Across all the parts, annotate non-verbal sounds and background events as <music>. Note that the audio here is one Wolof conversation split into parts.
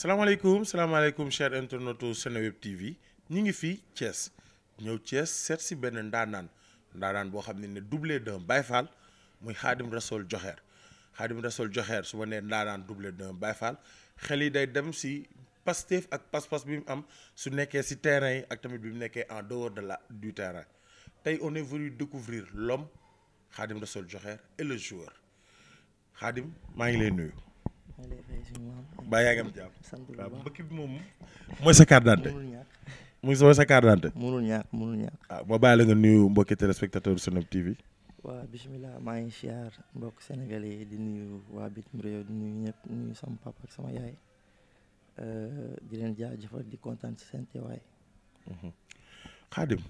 salaamaaleykum salaamaaleykum chers internautes Seneweb TV ñi ngi fii Thiès ñëw Thiès seet si benn ndaanaan ndaanaan boo xam ne ne doublé d'un Baye Fall muy Khadim Rassoul Joxeer Khadim Rassoul Joxeer su ma nee ndaanaan doublé d'un Baye Fall xel yi day dem si Pastef ak pas-pas bi mu am su nekkee si terrain yi ak tamit bi mu nekkee en dehors de la du terrain tey on est venu découvrir l'homme Khadim Rassoul Joxeer et le joueur Khadim maa ngi lay nuyu baa yaa ngi am jàmm bi moom mooy sa carte d'identité mooy sa carte d'identité munul ñàkk munul ñàkk waaw ah, bàyyi la nga nuyu mbokki téléspectateur Senop TV waaw bisimilah maa ngi siyaar mbokk sénégalais yi di nuyu waa bitim réew di nuyu ñëpp nuyu sama papa ak sama yaay euh, di leen jaajëfal di kontaan ci seen teewaay mhm. xaadim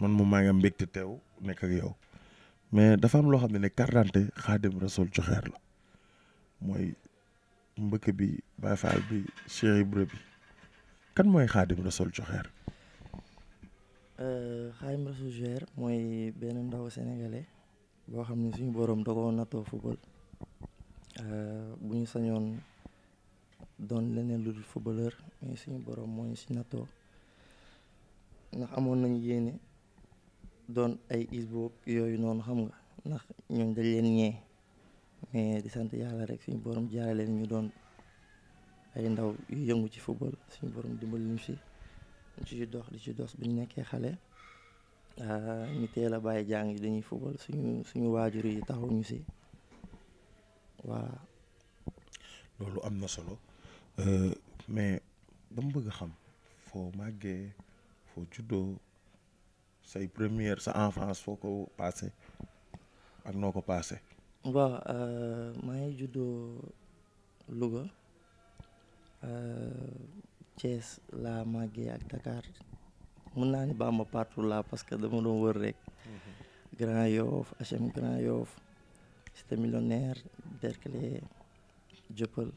man moom maa ngi am mbégte teew nekk ak yow mais dafa am loo xam ne ne carte d'identité xaadim rasul joxeer la mbëkk bi Baay Faal bi Cheikh Ibra bi kan mooy Xaadim Rasul Joxeer euh, Xaadim Rasul Joxeer mooy benn ndaw sénégalais boo xam ni suñu boroom da ko nattoo football euh, bu ñu sañoon doon leneen lu dul footballeur mais suñu boroom moo ñu si nattoo ndax amoon nañu yéene doon ay isbo yooyu noonu xam nga ndax ñoom dañ leen ñee mais di sant yàlla rek suñu boroom jaarale ni ñu doon ay ndaw yu yëngu ci football suñu borom dimbal ñu si ñu ci dox di ci dox bi ñu nekkee xale ah, ñu teel a bàyyi jàng yi dañuy football suñu suñu waajur yi taxu ñu si waaw. loolu am na solo euh, mais dama bëgg xam foo màggee foo juddoo say première sa enfance foo ko passé ak noo ko passé. waaw euh, maa ngi juddoo Louga euh, Thiès laa màggee ak Dakar mën naa ni Bamba partout là parce que dama doon wër rek mhm. Grand Yoff HM Grand Yoff Cité Millionnaire Derklé Dieuppeul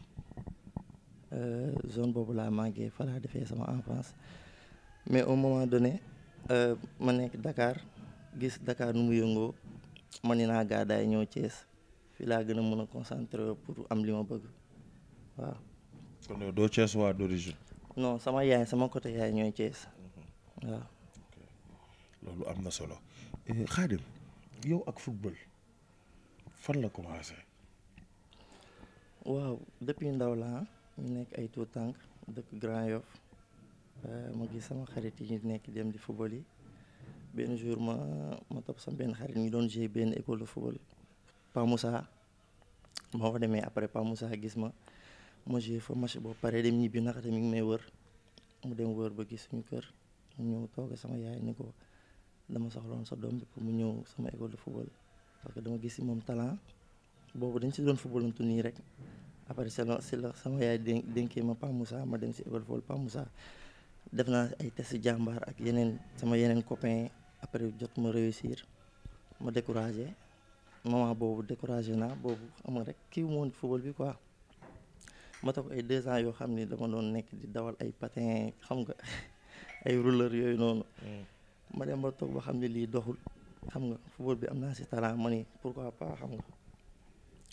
euh, zone boobu laa màggee fa defee sama enfance mais au moment donné ma nekk Dakar gis Dakar nu mu yëngoo ma ni naa gàddaay ñëw Thiès fii laa gën a mën a concentré pour am li ma bëgg waaw. kon yow doo Thiès waa d'origine. non sama yaay sama côté yaay ñooy Thiès mm-hmm. waaw. loolu am na solo eh, Khadim yow ak football fan la commencé. waaw depuis ndaw laa ah, ñu nekk ay tout tànk dëkk Grand Yoff euh, ma gis sama xarit yi nekk dem di football yi benn jour ma ma topp sama benn xarit ñu doon jouer benn école de football. Pa Moussa moo ko demee après Pa Moussa gis ma ma joué fa match boo paree dem ñibbi naka tamit may wër mu dem wër ba gis suñu kër mu ñëw toog sama yaay ni ko dama soxloon sa doom bi pour mu ñëw sama école de football parce que dama gis si moom talent boobu dañ si doon footballantu nii rek après si la la sama yaay dénkee ma Pa Moussa ma dem si école football Pa Moussa def naa ay test jàmbaar ak yeneen sama yeneen copain après jot ma réussir ma découragé moment boobu découragé naa boobu am nga rek kii woon football bi quoi ma toog ay deux ans yoo xam ni dama doon nekk di dawal ay patin xam nga <laughs> ay rouleur yooyu noonu. Hmm. ma dem ba toog ba xam ne lii doxul. xam nga football bi am naa si talent ma ni quoi pas xam nga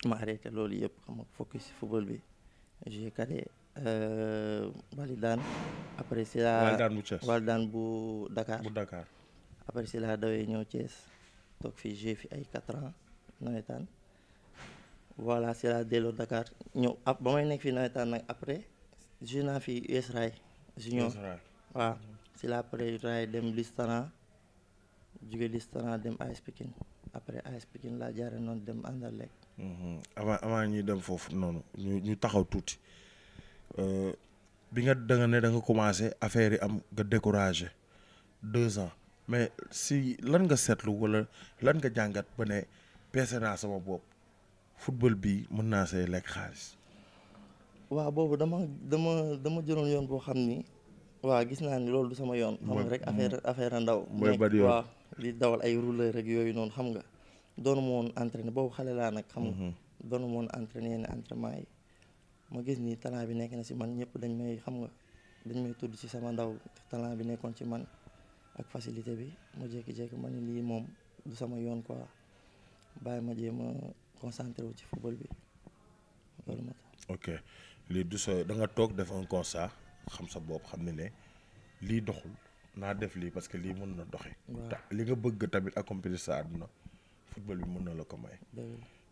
ma arrêté loolu yëpp xam nga focus si football bi j'ai cadé Walidaan euh, après si la Walidaan bu Thiès Walidaan bu Dakar bu Dakar après si la dawee ñëw Thiès toog fii j'ai fi ay quatre ans. nawetaan voilà si laa delloo Dakar ñëw ab ba may nekk fii nawetaan nag après joué naa fi US Rail junior waaw si la après Rail dem Listana jóge Listana dem AS Pikine après AS Pikine laa jaare noonu dem Anderlecht mhm. avant avant ñuy dem foofu noonu ñu taxaw tuuti euh, bi nga da nga ne da nga commencé affaire yi am nga découragé deux ans mais si lan nga seetlu wala lan nga jàngat ba ne peese naa sama bopp football bi mën naa say lekk xaalis. waaw boobu dama dama dama jëloon yoon boo xam ni waa gis naa ni loolu du sama yoon. xam nga affaire affaire ndaw. mooy bari yoon di dawal ay rouleur rek yooyu noonu xam nga. doonu ma woon boobu xale laa nag. xam nga mm-hmm. doonu ma woon ne entraînement yi ma gis ni talent bi nekk na si man ñëpp dañ may xam nga dañ may tudd si sama ndaw talent bi nekkoon ci man ak facilité bi ma jékki-jékki ma ne lii moom du sama yoon quoi. bàyyi ma jéem a wu ci football bi ok lii du sa da nga toog def un constat xam sa bopp xam ne ne lii doxul naa def lii parce que lii mën na doxe li nga bëgg tamit accomplir sa àdduna football bi mën na la ko may.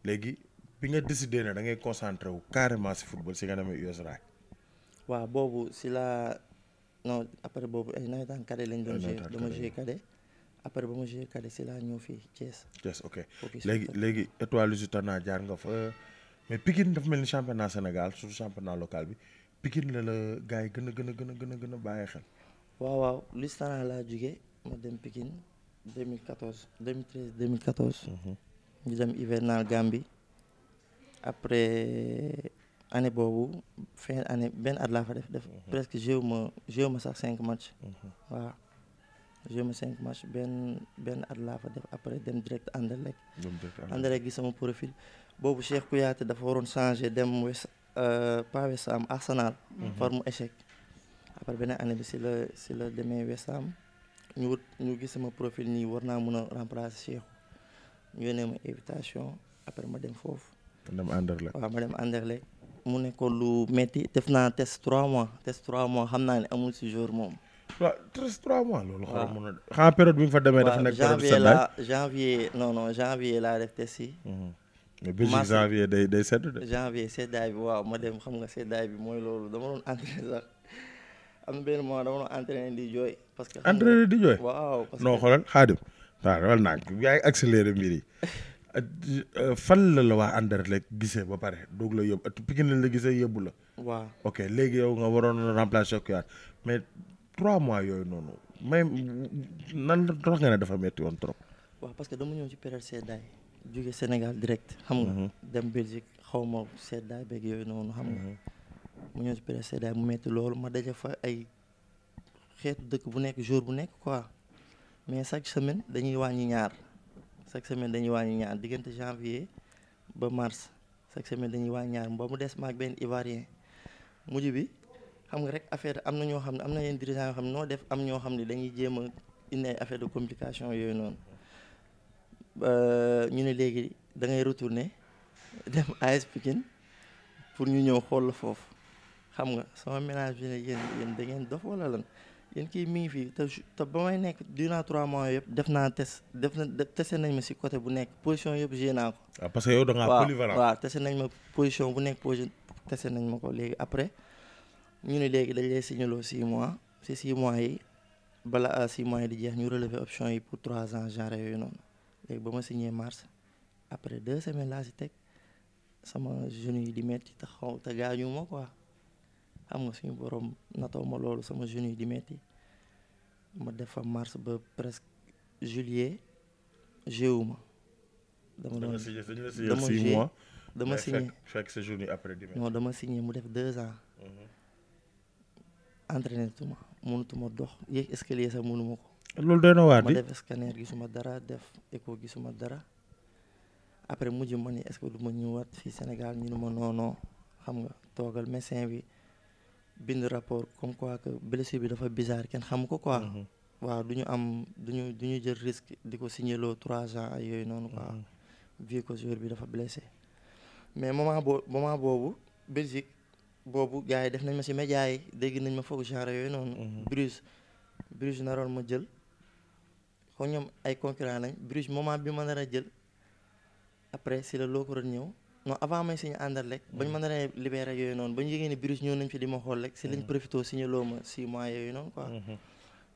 léegi bi nga décidé ne da ngay concentré wu carrément si football si nga demee USRA. waaw boobu si la non après boobu ay nawetaan cadet lañ doon joué dama joué cadet après ba ma joué cadet si laa ñëw fii Thiès. Thiès ok léegi léegi étoile Lusitana jaar nga fa mais Pikine daf mel ni championnat Sénégal surtout championnat local bi Pikine la la gars yi gën a gën a gën a gën gën a bàyyi xel. waaw waaw Lusitana laa jugee ma dem Pikine 2014 2013 2014. ñu dem hivernal Gambie après année boobu fin année benn at laa fa def def mhm. presque joué ma joué ma sax cinq match waaw. Mhm. joué cinq match benn benn at laa fa def après dem direct Anderlecht. Anderlecht gi sama profil. boobu Cheikh Kouyaté dafa waroon changé dem West euh, pas West Ham Arsenal. Mhm. far mu échec. après beneen année si la si la demee West Ham ñu ñu gis sama profil nii war naa mun a remplacer Cheikh ñu yónnee ma invitation après ma dem foofu. ma dem Anderlecht waaw ma dem Anderlecht mu nekkoon lu metti def naa test trois mois test trois mois xam naa ne amul si jour moom. waaw treize trois mois loolu. waaw xaw ma mën a. xanaa période bi nga fa demee dafa nekk période sedd. waaw janvier la janvier non non janvier laa def test yi. Mhm. mais Belgique janvier day day sedd de. janvier seddaay bi waaw ma dem xam nga seddaay bi mooy loolu dama doon entraîné sax am benn moment dama doon entraîné di jooy. parce que entraîné di jooy. waaw parce que non xoolal xaadim. waaw dawal naa yaa ngi accéléré mbir yi. <laughs> Euh, fan la la waa Anderlecht gisee ba pare doog la yóbbu Pikine la gisee yóbbu la. waaw ok léegi yow nga waroon remplacer Kouyate mais. trois mois yooyu noonu may nan la tax nga ne dafa metti woon trop. waaw parce que dama ñëw ci période seddaay jóge Sénégal direct. xam nga mhm. dem Belgique xaw ma seddaay beeg yooyu noonu xam nga. Mhm. mu ñëw ci mu metti loolu ma daje fa ay xeetu dëkk bu nekk jour bu nekk quoi mais chaque semaine dañuy wàññi ñaar chaque semaine dañuy wàññi ñaar diggante janvier ba mars chaque semaine dañuy wàññi ñaar mu des maag benn Ivoirien mujj bi. xam nga rek affaire am na ñoo xam ne am na yenn dirigeant yoo xam ne noo def am ñoo xam ne dañuy jéem a indi ay affaire de complication yooyu noonu ñu ne léegi dangay ngay retourner dem AS <laughs> Pikine pour ñu ñëw xool la foofu xam nga sama ménage bi ne yéen yéen da ngeen dof wala lan yéen kii mi ngi fii te te ba may nekk durant trois mois yëpp def naa test def na testé nañ ma si côté bu nekk position yëpp gée naa ko. waaw ah, parce que yow da ngaa polyvalent. waaw testé nañ ma position bu nekk position testé nañ ma ko léegi après. ñu ne léegi dañ lay signaloo six mois si six mois yi bala euh, six mois yi di jeex ñu relever option yi pour trois ans genre yooyu noonu léegi ba ma signé mars après deux semaines laa si teg sama genou yi di metti te xaw te gaañu ma quoi xam nga suñu borom natoo ma loolu sama genou yi di metti ma def fa mars ba presque juillet géewu ma. dama doon dama signé dama signé. fekk sa journée après. non dama signé mu def deux ans. Mhm. entraîné tuma mënutuma dox yéeg escalier sax mënuma ko. loolu doy na waar di ma def scanner gisuma dara def écho gisuma dara après mujj ma ni est du ma ñëwaat fii Sénégal ñu ma noonoo xam nga toogal médecin bi bind rapport comme que blessure bi dafa bizarre kenn xamu ko quoi. Mhm. waaw du ñu am du ñu du ñu jël risque di ko signaloo trois ans ay yooyu noonu quoi. Mhm. vu que joueur bi dafa blessé mais moment boo boobu Belgique boobu gars yi def nañ ma si média yi dégg nañ ma foofu genre yooyu noonu. Mhm. Bruges Bruges naroon ma jël. xaw ñoom ay concurrent lañ Bruges moment bi ma nar a si la loo ko doon ñëw non avant may signé Anderlecht mhm. bañ ma nar a libéré yooyu noonu ba ñu yëgee ne Bruges ñëw nañ fi di ma xool rek si lañ mhm. profité signé loo ma six mois yooyu noonu quoi.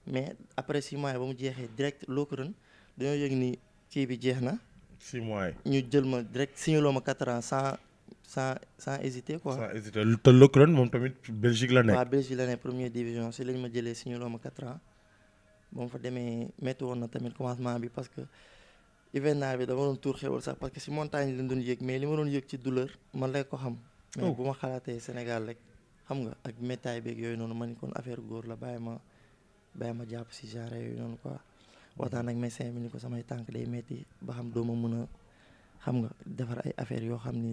mais après six mois ba mu jeexee direct loo ko doon dañoo yëg ni kii bi jeex na. six mois ñu jël ma direct signé ma quatre ans sans. sans sans hésiter quoi. sans hésiter te Leclerc tamit Belgique la nekk. waaw Belgique la première division si lañ ma jëlee si ñu looma 4 ans fa demee métti woon na tamit commencement bi parce que hivernage bi dama doon tuur xewal sax parce que si montagne lañ doon yëg mais li ma doon yëg ci douleur man lay ko xam. Oh. mais bu ma xalaatee Sénégal rek xam nga ak métaay beeg yooyu noonu man kon affaire góor la bàyyi ma bàyyi ma jàpp si genre yooyu noonu quoi mm-hmm. waxtaan ak médecin bi ni ko samay tànk day métti ba xam doo mën a. xam nga defar ay affaires yoo xam ni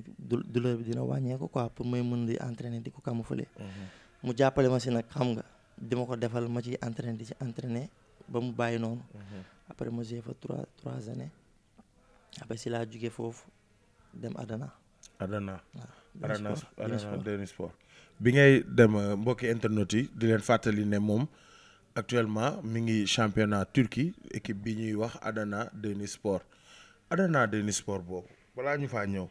douleur bi dina wàññeeku quoi pour may mën di entraîner di ko camoufler mhm. mu jàppale ma si nag xam nga di ko defal ma ci entraîner di ci ba mu bàyyi noonu mhm. après ma joué fa trois trois années après si laa jugee foofu dem Adana Adana bi ngay dem euh, mbokki internet yi di leen fàttali ne moom actuellement mu ngi championnat Turquie équipe bi ñuy wax Adana Deni Sport adanaa deni sport boobu balaa ñu faa ñëw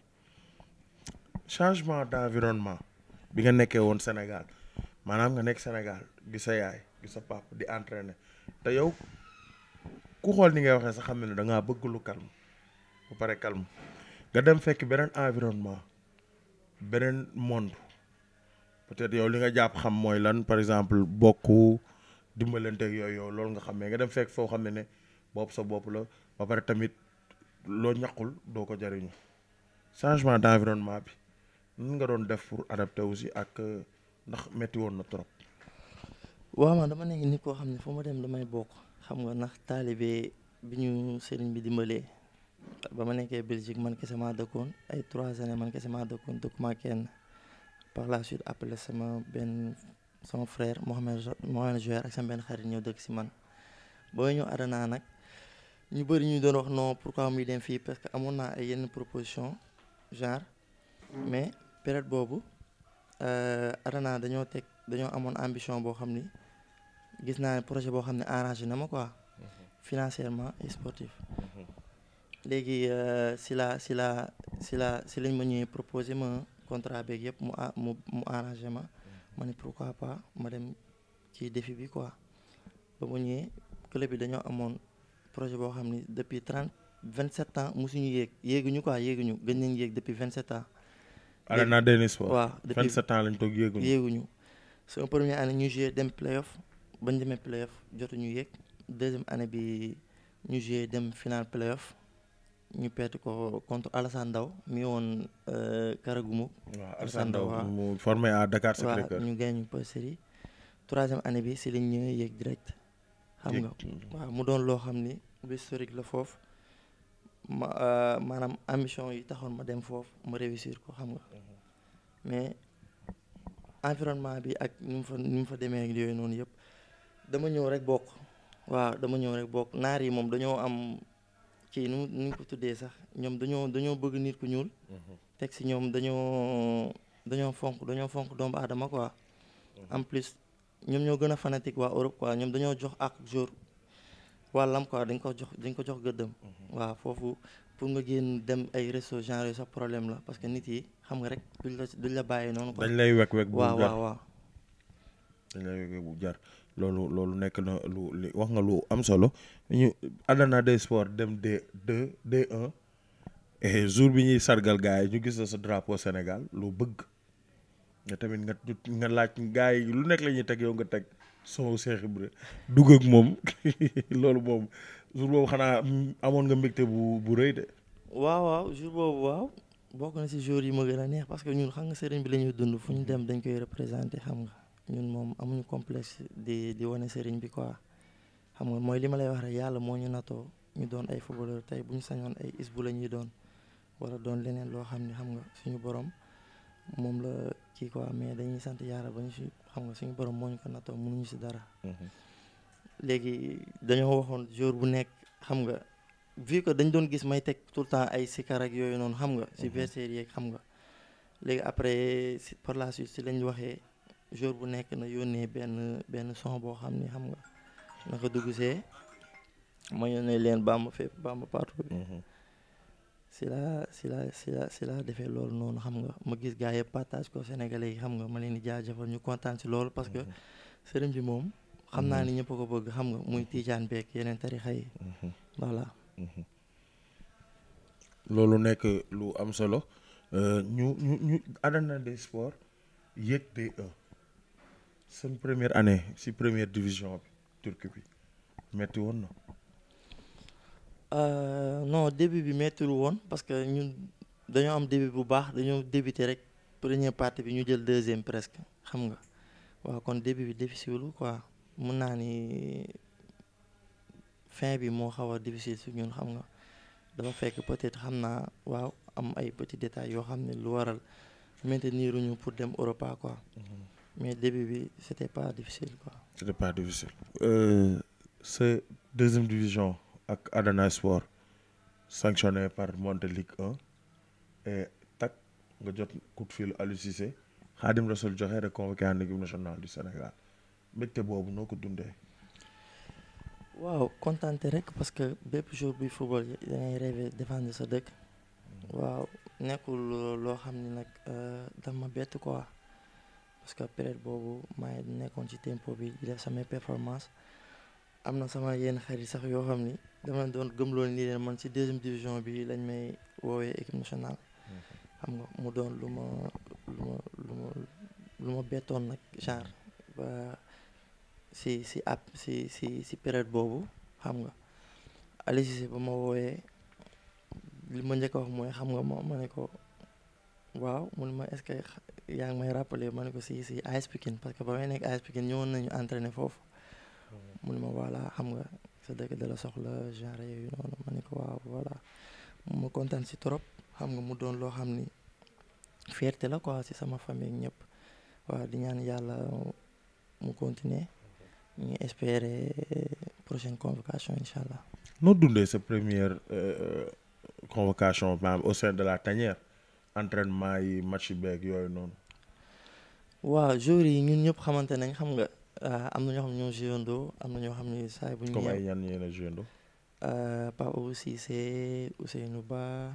changement d'environnement bi nga nekkee woon Sénégal maanaam nga nekk Sénégal di sa yaay di sa pap di entraîner te yow ku xool ni ngay waxee sa xam ne dangaa ngaa bëgg lu calme bu pare calme nga dem fekk beneen environnement beneen monde peut-être yow li nga jàpp xam mooy lan par exemple bokk dimbalanteeg yooyu yow loolu nga xam ne nga dem fekk foo xam ne ne bopp sa bopp la ba pare tamit loo ñaqul doo ko jariñu changement d'environnement bi nun nga doon def pour adapté aussi ak euh, ndax metti woon na trop waaw man dama nekk nit koo xam ne fu ma dem damay bokk xam nga ndax taalibe bi ñu sëriñ bi dimbalee ba ma nekkee Belgique man kese maa dëkkoon ay trois années man kese maa dëkkoon dëkkuma kenn par la suite appelé sama benn sama frère Mohamed Mohamed Jouer ak sama benn xarit ñëw dëkk si man booy ñëw adanaa nag ñu bëri ñu doon wax non pourquoi muy dem fii parce que amoon naa ay yenn proposition genre mm. mais période boobu euh, Arana dañoo teg dañoo amoon ambition boo xam ni gis naa ne projet boo xam ne arrangé na ma quoi mm-hmm. financièrement et sportif mm-hmm. léegi euh, si la si la si la si lañ ma ñuy proposé ma contrat beeg yëpp mu mu mu arrangé ma mm-hmm. ma ne pourquoi pas ma dem ci défi bi quoi ba mu ñëwee club bi dañoo amoon projet boo xam ni depuis trente vingt sept ans mosuñu yéeg yéeguñu quoi yéeguñu gën nañ yéeg depuis vingt sept ans. Arena Denizspor waaw depuis vingt sept ans lañ toog yéeguñu yéeguñu. suñu première année ñu joué dem playoff bañ demee playoff jotuñu yéeg deuxième année bi ñu joué dem final playoff ñu perte ko contre Alassane Ndao mi woon euh, mu formé à Dakar Sacré-Cœur troisième année bi si lañ ñëwee yéeg direct. xam nga mm-hmm. waaw mu doon loo xam ni lu historique la foofu ma euh, maanaam ambition yi taxoon ma dem foofu ma réussir ko xam nga mm-hmm. mais environnement bi ak ni mu fa demee ak yooyu noonu yëpp dama ñëw rek bokk waaw dama ñëw rek bokk naar yi moom dañoo am kii nu nu ko tuddee sax ñoom dañoo dañoo bëgg nit ku ñuul mm-hmm. teg si ñoom dañoo dañoo fonk dañoo fonk doomu aadama quoi en plus ñoom ñoo gën a fanatique waa Europe quoi ñoom dañoo jox ak jour wàllam quoi dañ ko jox dañ ko jox gëddëm. Mhm. waaw foofu pour nga génn dem ay réseau genre sax problème la parce que nit yi xam nga rek duñ la duñ la bàyyi noonu. quoi dañ lay wek wek bu jar waaw waaw waaw. loolu loolu nekk na lu wax nga lu am solo ñu àddana des sports dem D deux D un jour bi ñuy sargal gars yi ñu gis na sa drapeau Sénégal lu bëgg. nga tamit nga nga laaj gaa yi lu nekk la ñuy teg yow nga teg soo Cheikh Ibra dugg ak moom <laughs> loolu moom jour boobu xanaa amoon nga mbégte bu bu rëy de. waaw waaw jour boobu waaw bokk na si jour yi ma gën a neex parce que ñun xam nga sëriñ bi la ñuy dund fu ñu dem dañ koy représenté xam nga ñun moom amuñu complexe di di wane sëriñ bi quoi xam nga mooy li ma lay wax yàlla moo ñu nattoo ñu doon ay footballeur tey bu ñu sañoon ay is bu la ñuy doon wala doon leneen loo xam ne xam nga suñu borom. moom la kii quoi mais dañuy sant yàlla ba ñu si xam nga suñu borom moo ñu ko nattoo mënuñu si dara. Mhm. léegi dañoo waxoon jour bu nekk xam nga vu que dañ doon gis may teg tout temps ay sikar ak yooyu noonu xam nga. si mhm. verser yeeg xam nga. léegi après si par la suite si lañ waxee jour bu nekk na yónnee benn benn son boo xam ni xam nga naka dugg see ma yónnee leen bamba fépp bamba partout bi. Mhm. si la si la si la si la defee loolu noonu xam nga ma gis gars yëpp partage ko Sénégalais yi xam nga ma leen di jafal ñu kontaan si loolu parce que mhm. sëriñ bi moom xam naa ni mhm. ñëpp ko bëgg xam nga muy tiijaan beeg yeneen tarixa yi mhm. voilà loolu nekk lu am solo euh, ñu ñu ñu Arène des Sports yéeg de seen première année si première division bi turc bi metti woon na Euh, non début bi méttiwul woon parce que ñun dañoo am début bu baax dañoo débuté rek première partie bi ñu jël deuxième presque xam nga waaw kon début bi difficile quoi mun naa ni fin bi moo xaw a difficile su ñun xam nga dafa fekk peut-être xam naa waaw am ay petits détails yoo xam ne lu waral maintenir ñu pour dem Europa quoi mm-hmm. mais début bi c'était pas difficile quoi. c'était pas difficile. Euh, c'est deuxième division. ak Adana Sport sanctionné par Monte Ligue 1 et nga jot coup de fil Aliou Cissé Khadim Rassoul joxe rek convoqué en équipe nationale du Sénégal mbégte boobu noo ko dundee. waaw kontante rek parce que bépp jour bi football da ngay rêvé sa dëkk. waaw nekkul loo xam ni nag euh, daf ma bett quoi parce que période boobu maa nekkoon ci tempo bi di def samay performance am na sama yenn xarit sax yoo xam ni. dama doon gëmloo nii leen man ci deuxième division bi lañ may woowee équipe nationale. Mhm. xam nga mu doon lu ma lu ma lu ma bettoon nag genre ba si si ab si si si période boobu xam nga Aliou ba ma woowee li ma njëkk wax mooy xam nga ma ma ne ko waaw mun ma est-ce yaa ngi may rappeler ma ne ko si si AS Pikine parce que ba may nekk AS Pikine ñëwoon nañu entraîner foofu mhm. mun ma voilà xam nga. sa dëkk da la soxla genre yooyu noonu ma ko waaw voilà mu kontaan si trop xam nga mu doon loo xam ni fierté la quoi si sama famille ñëpp waaw di ñaan yàlla mu continuer ñu espérer prochaine convocation incha allah. noo dundee sa première euh, euh, convocation maanaam au sein de la tanière entraînement yi match beeg yooyu noonu. waaw jour yi ñun ñëpp xamante nañ xam nga. waaw euh, am na ñoo xam ne ñoo juyandoo am na ñoo xam ne saa bu ñu. comme ay yan yéen a juyandoo. Euh, Pape Abou Cissé Ousseynou Ba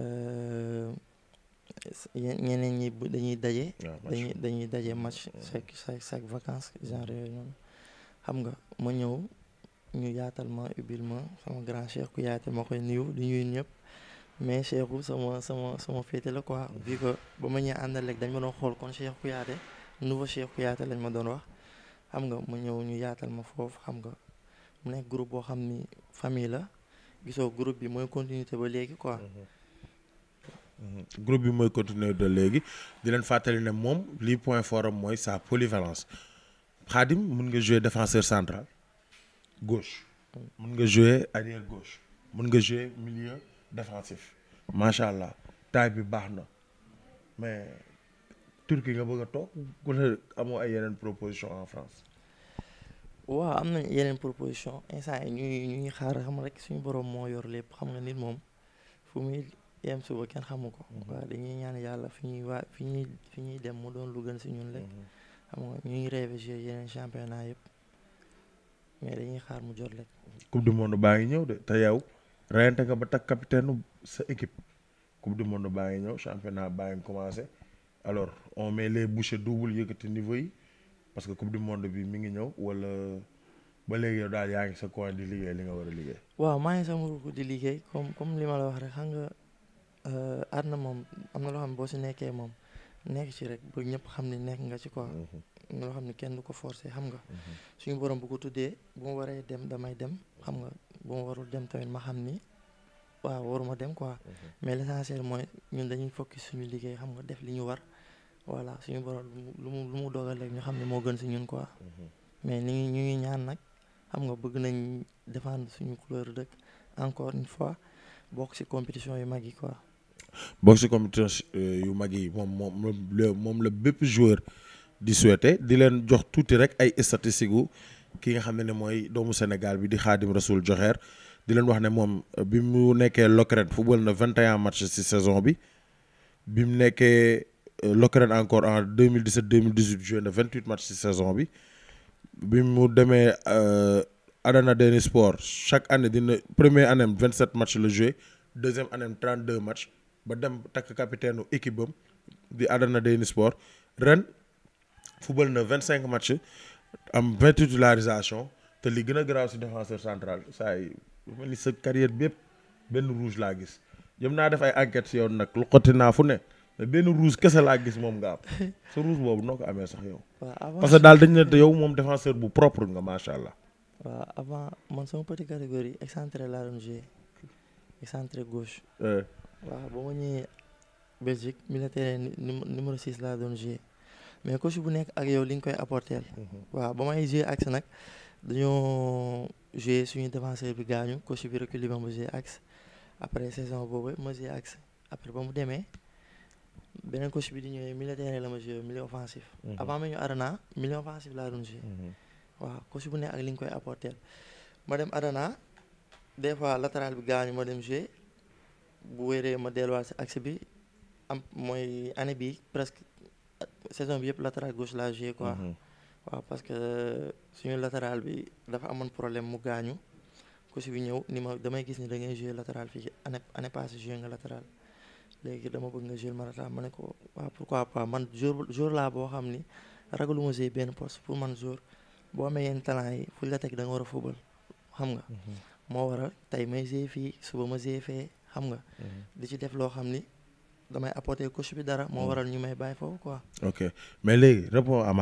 euh, ñeneen ñi dañuy daje. Ah, dañuy daje match mm. chaque chaque chaque vacances genre xam nga ma ñëw ñu yaatal ma ubbil ma sama grand cheikh ku ma koy nuyu di ñuy ñëpp mais cheikh sama sama sama féete la quoi vu que ba ma ñëw àndal rek dañ ma doon xool kon cheikh ku nouveau Cheikh Kouyaté lañu ma doon wax xam nga mu ñëw ñu yaatal ma foofu xam nga mu nekk group boo xam ni famille la gisoo group bi mooy continuité ba léegi quoi. Mhm. Mhm. groupe bi mooy continuer de léegi di leen fàttali ne moom lii point fort mooy sa polyvalence Khadim mun nga jouer défenseur central gauche mun nga jouer arrière gauche mun nga jouer milieu défensif macha allah taille bi baax na mais. Turquie nga bëgg a toog wala amoo ay yeneen proposition en France. waaw am na yeneen proposition instant yi ñuy xaar xam rek suñu boroom moo yor lépp xam nga nit moom fu muy yem suba kenn xamu ko. Mm-hmm. waaw dañuy ñaan yàlla fi ñuy waa fi ñuy fi ñuy dem mu doon lu gën si ñun rek. Mm-hmm. xam nga ñu ngi rêvé jouer yeneen championnat yëpp mais dañuy xaar mu jot rek. coupe du monde baa ngi ñëw de te yow reyante nga ba takk capitaine sa équipe coupe du monde baa ngi ñëw championnat alors on met les bouchées doubles yëkkati niveau yi parce que coupe du monde bi mu ngi ñëw wala ba léegi yow daal yaa ngi sa coin di liggéey li nga war a liggéey. waaw maa ngi sama ruku di liggéey comme comme li ma la wax rek xam nga euh, na moom am na loo xam ne boo si nekkee moom nekk ci rek ba ñëpp xam ne nekk nga ci quoi. Mhm. loo xam ne kenn du ko forcé xam nga. Mhm. suñu borom bu ko tuddee bu ma waree dem damay dem xam nga bu ma warul dem tamit ma xam waaw waruma dem quoi mhm. mais l'essentiel mooy ñun dañuy fokki suñu liggéey xam nga def li ñu war voilà suñu borom lu mu lu mu dogal rek ñu xam ne moo gën si ñun quoi mhm. mais ñu ngi ñu ngi ñaan nag xam nga bëgg nañ défendre suñu couleur dëkk encore une fois bokk si compétition yu mag yi quoi bokk si compétition euh, yu mag yi moom moom la moom la bépp joueur di souhaiter di leen jox tuuti rek ay statistiques ki nga xam ne ne mooy doomu Sénégal bi di Khadim Rasoul Joxeer di leen wax ne moom euh, bi mu nekkee Lokeren football na 21 match ci saison bi bi mu nekkee euh, Lokeren encore en 2017 2018 joué na 28 match ci saison bi bi mu demee addana euh, Adana Demirspor chaque année dina premier année vingt 27 match la joué deuxième année am 32 match ba dem takk capitaine équipe bam di Adana Demirspor ren football na vingt cinq match am 20 titularisations. te li gën a garaaw si défenseur central saa yi mel ni sa carrière bépp benn rouge laa gis jëm naa def ay enquête si yow nag lu xotti naa fu ne benn rouge kese laa gis moom nga am sa rouge boobu noo ko amee sax yow. parce que daal dañ ne yow moom défenseur bu propre nga macha allah. waaw avant man sama petite catégorie excentré laa doon joué excentré gauche. Eh. waaw ba ma ñëwee Belgique milieu terrain numéro 6 laa doon joué mais coach bu nekk ak yow li nga koy apporter. Mhm. waaw ba may joué axe nag. dañoo joué suñu défenseur bi gaañu coach bi reculé ba mu joué axe après saison boobu ma joué axe après ba mu demee beneen coach bi di ñëwee milieu terrain la ma joué milieu offensif. Mhm. avant ma ñu Arana milieu offensif laa doon joué. Mhm. waaw coach bu ne ak li nga koy apporter ma dem Arana des fois latéral bi gaañu ma dem joué bu wéree ma delluwaat si axe bi am mooy année bi presque saison bi yëpp latéral gauche laa joué quoi. Mhm. waaw parce que euh, suñu latéral bi dafa amoon problème mu gaañu ku si bi ñëw ni ma damay gis ni da ngay jouer latéral fii année année passée jouer nga latéral léegi dama bëgg nga jouer marata ma ne ko waaw pourquoi pas man jour jour laa boo xam ni ragalu ma benn poste pour man jour boo amee yenn talent yi fu la teg danga nga war a fubal xam nga. Mhm. moo waral tey may jouer fii suba ma jouer fee xam nga. Mhm. di ci def loo xam ni damay apporter coach dara. moo mhm. waral ñu may bàyyi foofu quoi. ok mais léegi réponds à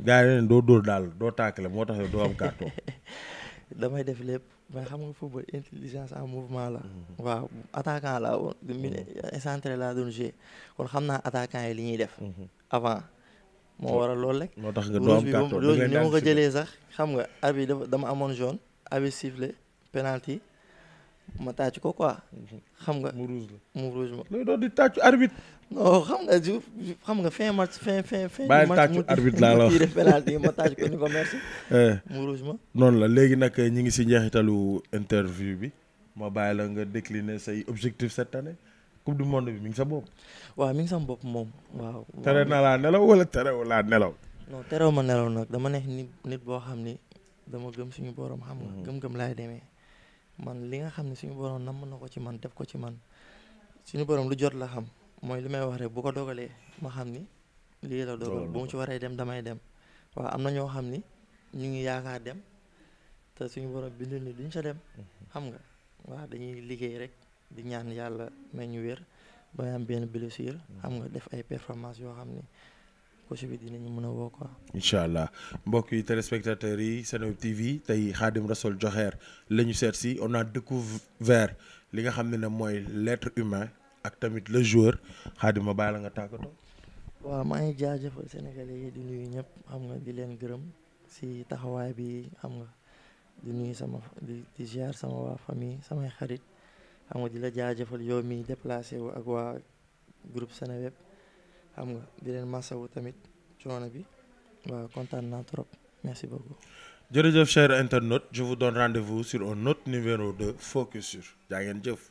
gaa yi ne doo dóor daal doo tàkkale moo tax yow doo am carton. <laughs> damay def lépp mais xam nga football intelligence en mouvement la. Mhm. waaw attaquant la woon. Mhm. centre laa doon jouer kon xam naa attaquant yi li ñuy def. Mhm. avant moo waral loolu rek. moo tax nga doo am carton ni ma ko jëlee sax xam nga abi dafa dama amoon jaune abi sifflé penalty ma tàcc ko quoi. xam nga mu rouge la ma. loolu doon di tàccu arbitre. xam nga fin match fin fin fin. bàyyi tàccu la wax ma tàcc <laughs> eh. ma. noonu la léegi nag ñi ngi si njeexitalu interview bi ma bàyyi la nga décliner say objectif cette année. coupe du monde bi mi ngi sa bopp. waaw mi ngi sama bopp moom waaw. tere na laa nelaw wala terew laa nelaw. non terew ma nelaw nag dama nekk nit nit boo xam ni dama gëm suñu borom xam nga mm-hmm. gëm-gëm laay demee. man li nga xam ne suñu borom namm na ko ci man def ko ci man suñu borom lu jot la xam mooy li may wax rek bu ko dogalee ma xam ni lii la dogal bu mu ci waree dem damay dem waaw am na ñoo xam ni ñu ngi yaakaar dem te suñu borom bindul ni duñ sa dem mhm. xam nga waaw dañuy liggéey rek di ñaan yàlla may ñu wér ba am benn blessure mhm. xam nga def ay performance yoo xam ni coach bi dinañu mën a woo quoi. allah mbokk yi téléspectateurs yi Senweb TV tey Khadim Rassoul Joher la ñu seet si on a découvert li nga xam ne ne mooy l'être humain ak tamit le joueur Khadim ma bàyyi la nga tàggatoo. waa maa ngi jaajëfal Sénégalais yi di nuyu ñëpp xam nga di leen gërëm si taxawaay bi xam nga di nuyu sama di di sama waa famille samay xarit xam nga di la jaajëfal yow mi déplacé wu ak waa groupe Seneweb. xam nga di leen masawu tamit coono bi waaw kontaan na trop merci beaucoup. jërëjëf chers internautes je vous donne rendez-vous sur un autre numéro de Focus jaa ngeen jëf.